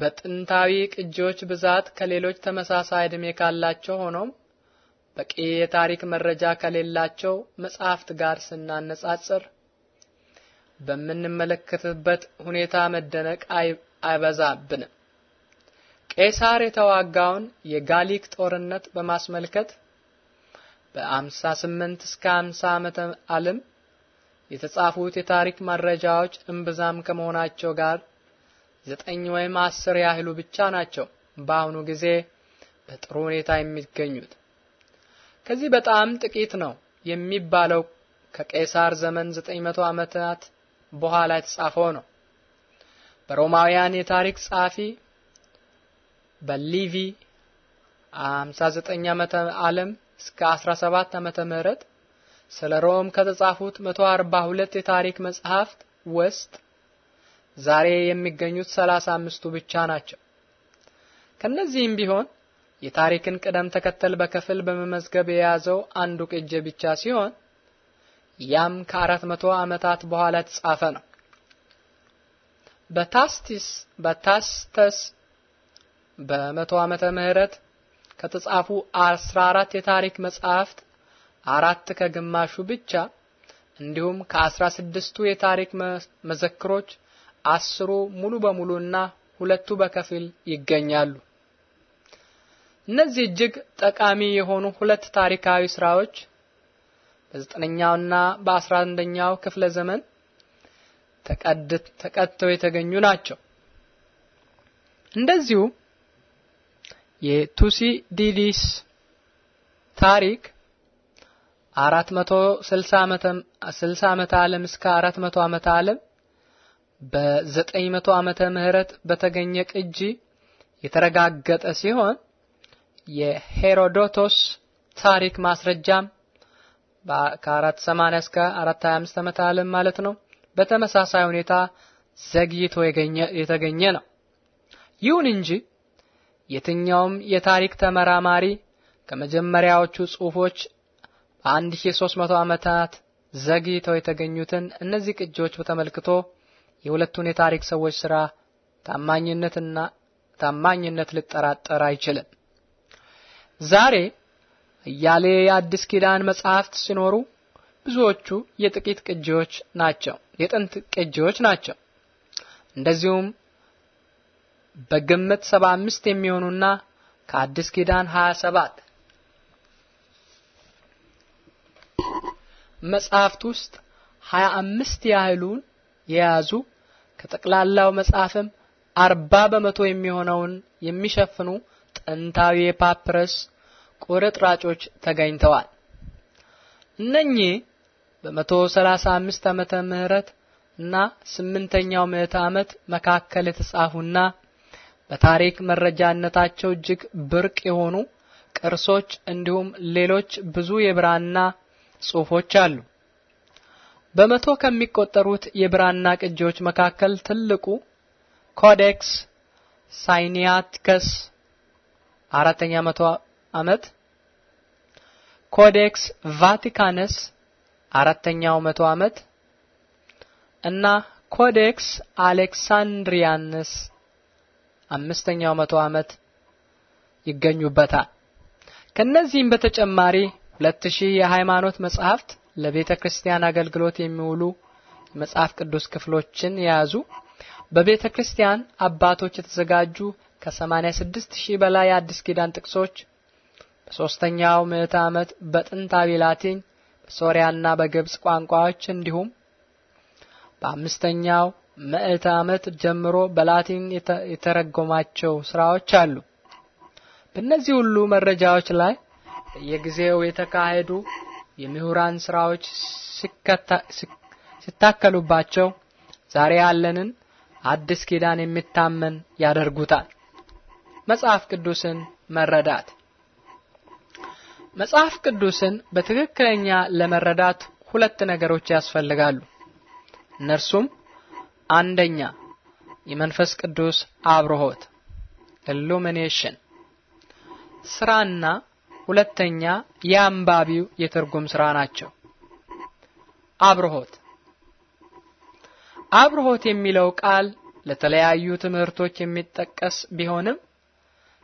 በጥንታዊ ቅጂዎች ብዛት ከሌሎች ተመሳሳይ እድሜ ካላቸው ሆኖም በቂ የታሪክ መረጃ ከሌላቸው መጽሐፍት ጋር ስናነጻጽር በምንመለከትበት ሁኔታ መደነቅ አይበዛብንም። ቄሳር የተዋጋውን የጋሊክ ጦርነት በማስመልከት በ58 እስከ 50 ዓመተ ዓለም የተጻፉት የታሪክ መረጃዎች እምብዛም ከመሆናቸው ጋር ዘጠኝ ወይም አስር ያህሉ ብቻ ናቸው በአሁኑ ጊዜ በጥሩ ሁኔታ የሚገኙት። ከዚህ በጣም ጥቂት ነው የሚባለው ከቄሳር ዘመን 900 ዓመታት በኋላ የተጻፈው ነው። በሮማውያን የታሪክ ጸሐፊ በሊቪ 59 ዓመተ ዓለም እስከ 17 ዓመተ ምህረት ስለ ሮም ከተጻፉት 142 የታሪክ መጽሐፍት ውስጥ ዛሬ የሚገኙት 35ቱ ብቻ ናቸው። ከነዚህም ቢሆን የታሪክን ቅደም ተከተል በክፍል በመመዝገብ የያዘው አንዱ ቅጅ ብቻ ሲሆን ያም ከአራት መቶ ዓመታት በኋላ የተጻፈ ነው። በታስቲስ በታስተስ በመቶ ዓመተ ምህረት ከተጻፉ 14 የታሪክ መጽሐፍት አራት ከግማሹ ብቻ እንዲሁም ከ 16 የታሪክ መዘክሮች አስሩ ሙሉ በሙሉና ሁለቱ በከፊል ይገኛሉ። እነዚህ እጅግ ጠቃሚ የሆኑ ሁለት ታሪካዊ ስራዎች በዘጠነኛውና በአስራ አንደኛው ክፍለ ዘመን ተቀድተው የተገኙ ናቸው። እንደዚሁ የቱሲዲዲስ ታሪክ 460 ዓመተ 60 ዓመተ ዓለም እስከ 400 ዓመተ ዓለም በ900 ዓመተ ምህረት በተገኘ ቅጂ የተረጋገጠ ሲሆን የሄሮዶቶስ ታሪክ ማስረጃም ከ480 እስከ አምስት ዓመተ ዓለም ማለት ነው። በተመሳሳይ ሁኔታ ዘግይቶ የተገኘ ነው። ይሁን እንጂ የትኛውም የታሪክ ተመራማሪ ከመጀመሪያዎቹ ሺ ሶስት መቶ ዓመታት ዘግይተው የተገኙትን እነዚህ ቅጂዎች በተመልክቶ የሁለቱን የታሪክ ሰዎች ስራ ታማኝነትና ታማኝነት ሊጠራጠር አይችልም። ዛሬ እያሌ የአዲስ ኪዳን መጽሐፍት ሲኖሩ ብዙዎቹ የጥቂት ቅጂዎች ናቸው፣ የጥንት ቅጂዎች ናቸው። እንደዚሁም በግምት 75 የሚሆኑና ከአዲስ ኪዳን 27 መጽሐፍት ውስጥ 25 ያህሉን የያዙ ከጠቅላላው መጽሐፍም 40 በመቶ የሚሆነውን የሚሸፍኑ ጥንታዊ የፓፕረስ ቁርጥራጮች ተገኝተዋል። እነኚህ በ135 ዓመተ ምህረት እና ስምንተኛው ምዕተ ዓመት መካከል የተጻፉና በታሪክ መረጃነታቸው እጅግ ብርቅ የሆኑ ቅርሶች እንዲሁም ሌሎች ብዙ የብራና ጽሑፎች አሉ። በመቶ ከሚቆጠሩት የብራና ቅጂዎች መካከል ትልቁ ኮዴክስ ሳይኒያቲከስ አራተኛ መቶ ዓመት ኮዴክስ ቫቲካነስ አራተኛው መቶ ዓመት እና ኮዴክስ አሌክሳንድሪያንስ አምስተኛው መቶ ዓመት ይገኙበታል። ከነዚህም በተጨማሪ ሁለት ሺህ የሃይማኖት መጻሕፍት ለቤተ ክርስቲያን አገልግሎት የሚውሉ የመጽሐፍ ቅዱስ ክፍሎችን የያዙ በቤተ ክርስቲያን አባቶች የተዘጋጁ ከ86 ሺህ በላይ የአዲስ ኪዳን ጥቅሶች በሶስተኛው ምዕተ ዓመት በጥንታዊ ላቲን በሶሪያና በግብጽ ቋንቋዎች እንዲሁም በአምስተኛው ምዕተ ዓመት ጀምሮ በላቲን የተረጎማቸው ስራዎች አሉ። በእነዚህ ሁሉ መረጃዎች ላይ በየጊዜው የተካሄዱ የምሁራን ስራዎች ሲታከሉባቸው ዛሬ ያለንን አዲስ ኪዳን የሚታመን ያደርጉታል። መጽሐፍ ቅዱስን መረዳት መጽሐፍ ቅዱስን በትክክለኛ ለመረዳት ሁለት ነገሮች ያስፈልጋሉ። እነርሱም አንደኛ የመንፈስ ቅዱስ አብርሆት ኢሉሚኔሽን ስራና ሁለተኛ የአንባቢው የትርጉም ስራ ናቸው። አብርሆት አብርሆት የሚለው ቃል ለተለያዩ ትምህርቶች የሚጠቀስ ቢሆንም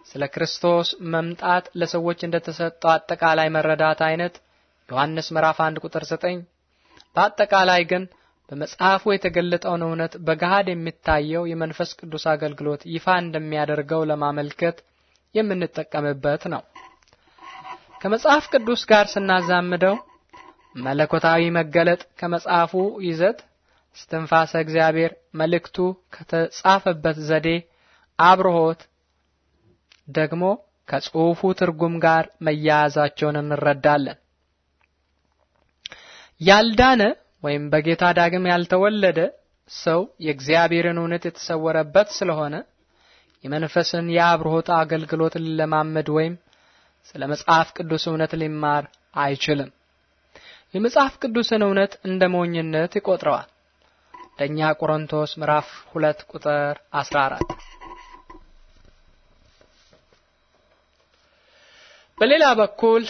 ስለ ክርስቶስ መምጣት ለሰዎች እንደተሰጠው አጠቃላይ መረዳት አይነት ዮሐንስ ምዕራፍ 1 ቁጥር 9 በአጠቃላይ ግን በመጽሐፉ የተገለጠውን እውነት በገሃድ የሚታየው የመንፈስ ቅዱስ አገልግሎት ይፋ እንደሚያደርገው ለማመልከት የምንጠቀምበት ነው። ከመጽሐፍ ቅዱስ ጋር ስናዛምደው መለኮታዊ መገለጥ ከመጽሐፉ ይዘት፣ እስትንፋሰ እግዚአብሔር መልእክቱ ከተጻፈበት ዘዴ አብርሆት ደግሞ ከጽሑፉ ትርጉም ጋር መያያዛቸውን እንረዳለን። ያልዳነ ወይም በጌታ ዳግም ያልተወለደ ሰው የእግዚአብሔርን እውነት የተሰወረበት ስለሆነ የመንፈስን የአብርሆት አገልግሎት ሊለማመድ ወይም ስለ መጽሐፍ ቅዱስ እውነት ሊማር አይችልም። የመጽሐፍ ቅዱስን እውነት እንደ ሞኝነት ይቆጥረዋል። አንደኛ ቆሮንቶስ ምዕራፍ 2 ቁጥር 14 በሌላ በኩል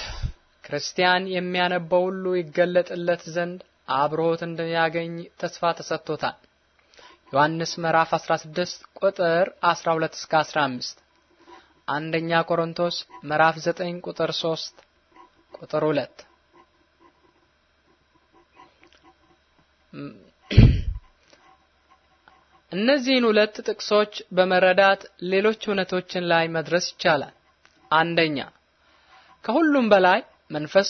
ክርስቲያን የሚያነበው ሁሉ ይገለጥለት ዘንድ አብሮት እንደሚያገኝ ተስፋ ተሰጥቶታል። ዮሐንስ ምዕራፍ 16 ቁጥር 12 እስከ 15፣ አንደኛ ቆሮንቶስ ምዕራፍ 9 ቁጥር 3 ቁጥር 2 እነዚህን ሁለት ጥቅሶች በመረዳት ሌሎች እውነቶችን ላይ መድረስ ይቻላል። አንደኛ ከሁሉም በላይ መንፈስ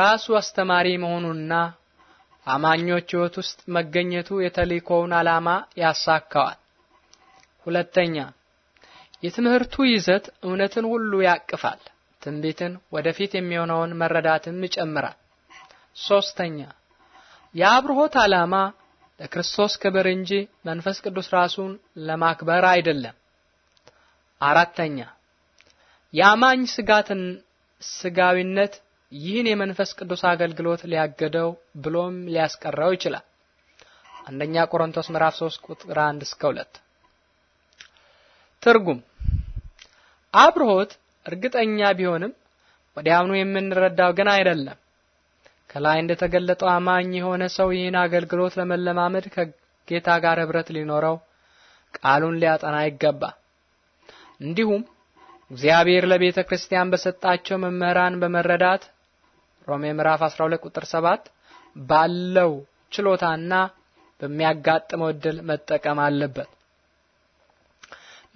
ራሱ አስተማሪ መሆኑና አማኞች ሕይወት ውስጥ መገኘቱ የተልእኮውን ዓላማ ያሳካዋል። ሁለተኛ የትምህርቱ ይዘት እውነትን ሁሉ ያቅፋል። ትንቢትን፣ ወደፊት የሚሆነውን መረዳትም ይጨምራል። ሶስተኛ የአብርሆት ዓላማ ለክርስቶስ ክብር እንጂ መንፈስ ቅዱስ ራሱን ለማክበር አይደለም። አራተኛ የአማኝ ስጋትን ስጋዊነት ይህን የመንፈስ ቅዱስ አገልግሎት ሊያገደው ብሎም ሊያስቀረው ይችላል። አንደኛ ቆሮንቶስ ምዕራፍ 3 ቁጥር 1 እስከ 2። ትርጉም አብርሆት እርግጠኛ ቢሆንም ወዲያውኑ የምንረዳው ግን አይደለም። ከላይ እንደተገለጠው አማኝ የሆነ ሰው ይህን አገልግሎት ለመለማመድ ከጌታ ጋር ህብረት ሊኖረው ቃሉን ሊያጠና ይገባ እንዲሁም እግዚአብሔር ለቤተ ክርስቲያን በሰጣቸው መምህራን በመረዳት ሮሜ ምዕራፍ 12 ቁጥር 7 ባለው ችሎታና በሚያጋጥመው እድል መጠቀም አለበት።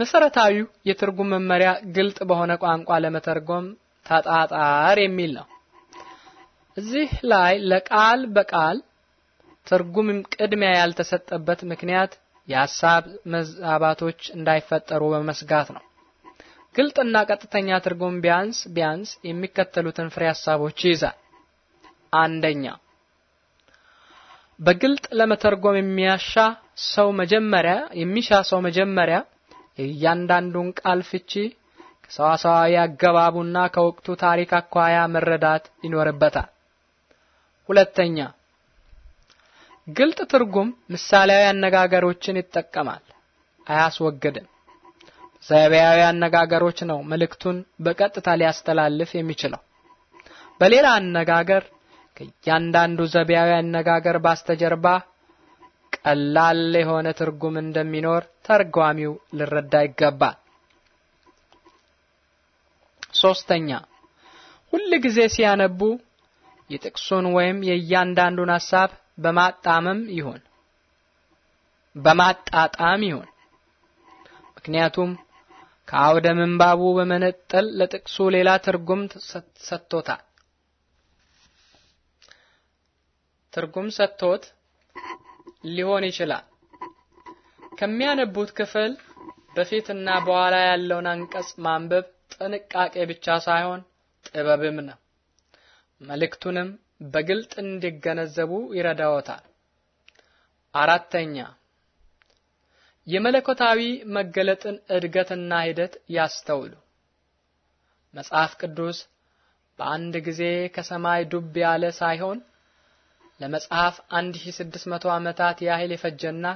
መሰረታዊው የትርጉም መመሪያ ግልጥ በሆነ ቋንቋ ለመተርጎም ተጣጣር የሚል ነው። እዚህ ላይ ለቃል በቃል ትርጉም ቅድሚያ ያልተሰጠበት ምክንያት የሀሳብ መዛባቶች እንዳይፈጠሩ በመስጋት ነው። ግልጥና ቀጥተኛ ትርጉም ቢያንስ ቢያንስ የሚከተሉትን ፍሬ ሀሳቦች ይይዛል። አንደኛ በግልጥ ለመተርጎም የሚያሻ ሰው መጀመሪያ የሚሻ ሰው መጀመሪያ የእያንዳንዱን ቃል ፍቺ ከሰዋሰዋዊ አገባቡና ከወቅቱ ታሪክ አኳያ መረዳት ይኖርበታል። ሁለተኛ ግልጥ ትርጉም ምሳሌያዊ አነጋገሮችን ይጠቀማል፣ አያስወግድም። ዘይቤያዊ አነጋገሮች ነው መልእክቱን በቀጥታ ሊያስተላልፍ የሚችለው። በሌላ አነጋገር ከእያንዳንዱ ዘይቤያዊ አነጋገር በስተጀርባ ቀላል የሆነ ትርጉም እንደሚኖር ተርጓሚው ሊረዳ ይገባል። ሶስተኛ ሁል ጊዜ ሲያነቡ የጥቅሱን ወይም የእያንዳንዱን ሐሳብ በማጣመም ይሁን በማጣጣም ይሁን ምክንያቱም ከአውደ ምንባቡ በመነጠል ለጥቅሱ ሌላ ትርጉም ሰጥቶታል። ትርጉም ሰጥቶት ሊሆን ይችላል። ከሚያነቡት ክፍል በፊትና በኋላ ያለውን አንቀጽ ማንበብ ጥንቃቄ ብቻ ሳይሆን ጥበብም ነው። መልእክቱንም በግልጥ እንዲገነዘቡ ይረዳዎታል። አራተኛ የመለኮታዊ መገለጥን እድገትና ሂደት ያስተውሉ። መጽሐፍ ቅዱስ በአንድ ጊዜ ከሰማይ ዱብ ያለ ሳይሆን ለመጽሐፍ 1600 ዓመታት ያህል የፈጀና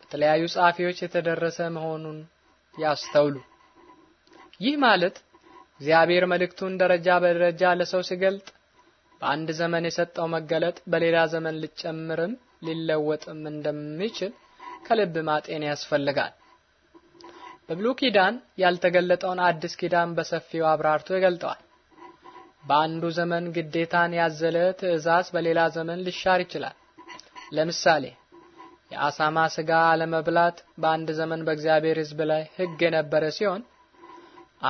በተለያዩ ጸሐፊዎች የተደረሰ መሆኑን ያስተውሉ። ይህ ማለት እግዚአብሔር መልእክቱን ደረጃ በደረጃ ለሰው ሲገልጥ በአንድ ዘመን የሰጠው መገለጥ በሌላ ዘመን ሊጨምርም ሊለወጥም እንደሚችል ከልብ ማጤን ያስፈልጋል። በብሉይ ኪዳን ያልተገለጠውን አዲስ ኪዳን በሰፊው አብራርቶ ይገልጠዋል። በአንዱ ዘመን ግዴታን ያዘለ ትእዛዝ በሌላ ዘመን ሊሻር ይችላል። ለምሳሌ የአሳማ ስጋ አለመብላት በአንድ ዘመን በእግዚአብሔር ሕዝብ ላይ ሕግ የነበረ ሲሆን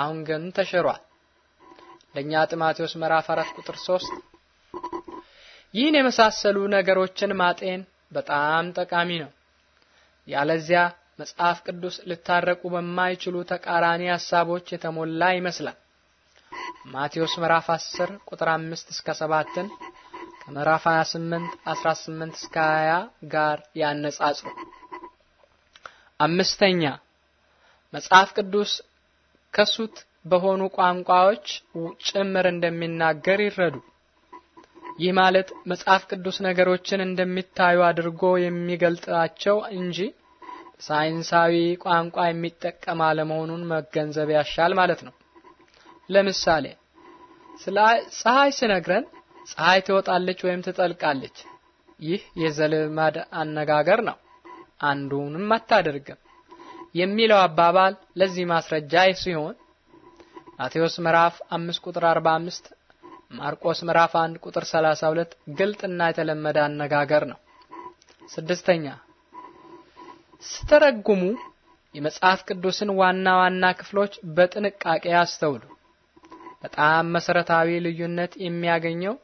አሁን ግን ተሽሯል። ለእኛ ጢሞቴዎስ ምዕራፍ 4 ቁጥር 3። ይህን የመሳሰሉ ነገሮችን ማጤን በጣም ጠቃሚ ነው። ያለዚያ መጽሐፍ ቅዱስ ሊታረቁ በማይችሉ ተቃራኒ ሐሳቦች የተሞላ ይመስላል። ማቴዎስ ምዕራፍ 10 ቁጥር 5 እስከ 7 ከምዕራፍ 28 18 እስከ 20 ጋር ያነጻጽሩ። አምስተኛ መጽሐፍ ቅዱስ ከሱት በሆኑ ቋንቋዎች ጭምር እንደሚናገር ይረዱ። ይህ ማለት መጽሐፍ ቅዱስ ነገሮችን እንደሚታዩ አድርጎ የሚገልጣቸው እንጂ ሳይንሳዊ ቋንቋ የሚጠቀም አለመሆኑን መገንዘብ ያሻል ማለት ነው። ለምሳሌ ፀሐይ ስነግረን ፀሐይ ትወጣለች ወይም ትጠልቃለች። ይህ የዘልማድ አነጋገር ነው። አንዱንም አታደርግም የሚለው አባባል ለዚህ ማስረጃ ሲሆን ማቴዎስ ምዕራፍ 5 ቁጥር 45፣ ማርቆስ ምዕራፍ 1 ቁጥር 32 ግልጥና የተለመደ አነጋገር ነው። ስድስተኛ ስተረጉሙ የመጽሐፍ ቅዱስን ዋና ዋና ክፍሎች በጥንቃቄ አስተውሉ። በጣም መሰረታዊ ልዩነት የሚያገኘው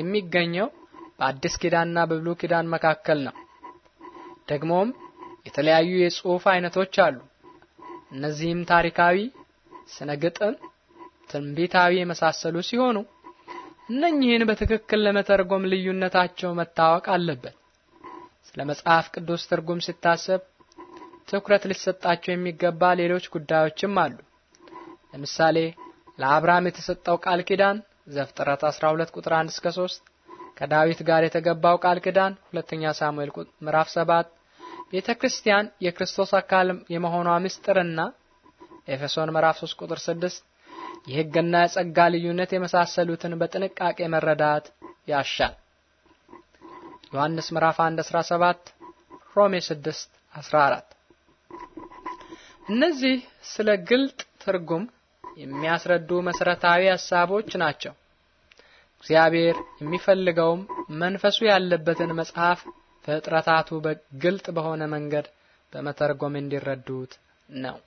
የሚገኘው በአዲስ ኪዳንና በብሉይ ኪዳን መካከል ነው። ደግሞም የተለያዩ የጽሑፍ አይነቶች አሉ። እነዚህም ታሪካዊ፣ ስነ ግጥም፣ ትንቢታዊ የመሳሰሉ ሲሆኑ እነኚህን በትክክል ለመተርጎም ልዩነታቸው መታወቅ አለበት። ስለ መጽሐፍ ቅዱስ ትርጉም ሲታሰብ ትኩረት ሊሰጣቸው የሚገባ ሌሎች ጉዳዮችም አሉ። ለምሳሌ ለአብርሃም የተሰጠው ቃል ኪዳን ዘፍጥረት 12 ቁጥር 1 እስከ 3፣ ከዳዊት ጋር የተገባው ቃል ኪዳን ሁለተኛ ሳሙኤል ምዕራፍ 7፣ ቤተ ክርስቲያን የክርስቶስ አካል የመሆኗ ምስጢርና ኤፌሶን ምዕራፍ 3 ቁጥር 6፣ የሕግና የጸጋ ልዩነት የመሳሰሉትን በጥንቃቄ መረዳት ያሻል። ዮሐንስ ምዕራፍ 1 17 ሮሜ 6 14 እነዚህ ስለ ግልጥ ትርጉም የሚያስረዱ መሰረታዊ ሀሳቦች ናቸው። እግዚአብሔር የሚፈልገውም መንፈሱ ያለበትን መጽሐፍ ፍጥረታቱ በግልጥ በሆነ መንገድ በመተርጎም እንዲረዱት ነው።